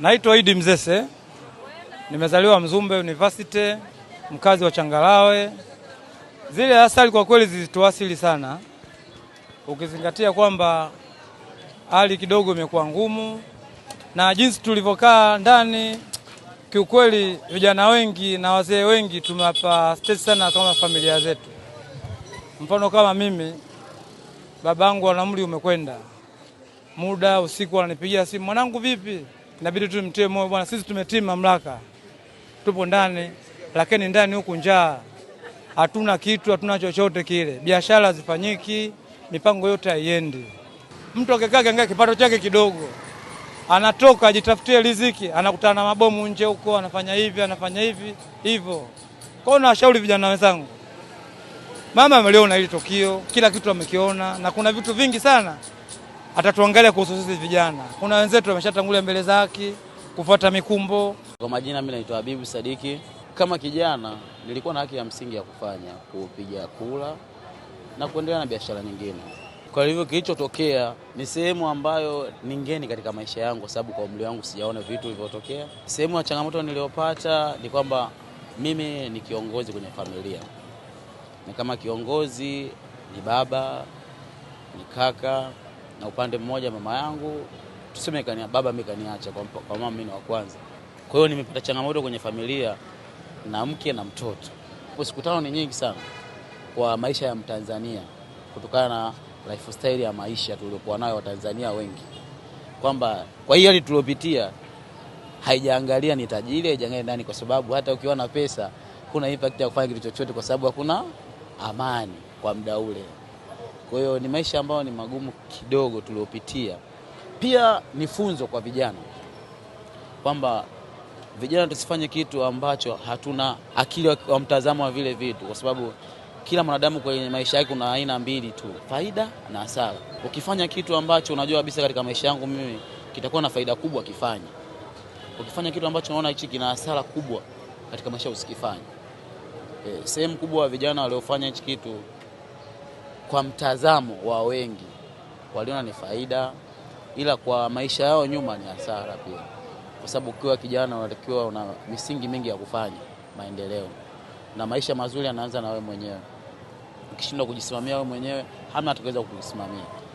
Naitwa Idi Mzese, nimezaliwa Mzumbe University, mkazi wa Changalawe. Zile asali kwa kweli zilituasili sana, ukizingatia kwamba hali kidogo imekuwa ngumu na jinsi tulivyokaa ndani, kiukweli vijana wengi na wazee wengi tumewapa stress sana kama familia zetu. Mfano kama mimi, babangu ana umri umekwenda, muda usiku ananipigia simu, mwanangu vipi? inabidi tu mtie moyo bwana, sisi tumetimu mamlaka, tupo ndani, lakini ndani huku njaa, hatuna kitu, hatuna chochote kile, biashara hazifanyiki, mipango yote haiendi. Mtu akikaa kiangalia kipato chake kidogo, anatoka ajitafutie riziki, anakutana na mabomu nje huko, anafanya hivi, anafanya hivi hivyo. Kwa hiyo nawashauri vijana wenzangu, mama ameliona hili tukio, kila kitu amekiona, na kuna vitu vingi sana atatuangalia kuhusu sisi vijana. Kuna wenzetu wameshatangulia mbele za kufuata mikumbo. Kwa majina, mimi naitwa Habibu Sadiki. Kama kijana nilikuwa na haki ya msingi ya kufanya kupiga kula na kuendelea na biashara nyingine. Kwa hivyo kilichotokea ni sehemu ambayo ningeni katika maisha yangu, kwa sababu kwa umri wangu sijaona vitu vilivyotokea. Sehemu ya changamoto niliyopata ni kwamba mimi ni kiongozi kwenye familia, na kama kiongozi ni baba, ni kaka na upande mmoja mama yangu tuseme kani, baba mimi kaniacha kwa, kwa mama mimi ni wa kwanza. Kwa hiyo nimepata changamoto kwenye familia na mke na mtoto. Siku tano ni nyingi sana kwa maisha ya Mtanzania kutokana na lifestyle ya maisha tuliokuwa nayo Watanzania wengi, kwamba kwa hiyo hali tuliopitia haijaangalia ni tajiri, haijaangalia nani, kwa sababu hata ukiwa na pesa kuna impact ya kufanya kitu chochote, kwa sababu hakuna amani kwa muda ule. Kwa hiyo ni maisha ambayo ni magumu kidogo tuliopitia. Pia ni funzo kwa vijana kwamba vijana tusifanye kitu ambacho hatuna akili wa mtazamo wa vile vitu, kwa sababu kila mwanadamu kwenye maisha yake kuna aina mbili tu, faida na hasara. Ukifanya kitu ambacho unajua kabisa katika maisha yangu mimi kitakuwa na faida kubwa, kifanye. Ukifanya kitu ambacho unaona hichi kina hasara kubwa katika maisha, usikifanye. E, sehemu kubwa wa vijana waliofanya hichi kitu kwa mtazamo wa wengi waliona ni faida, ila kwa maisha yao nyuma ni hasara pia, kwa sababu ukiwa kijana unatakiwa una misingi mingi ya kufanya maendeleo, na maisha mazuri yanaanza na wewe mwenyewe. Ukishindwa kujisimamia wewe mwenyewe, hamna atakayeweza kukusimamia.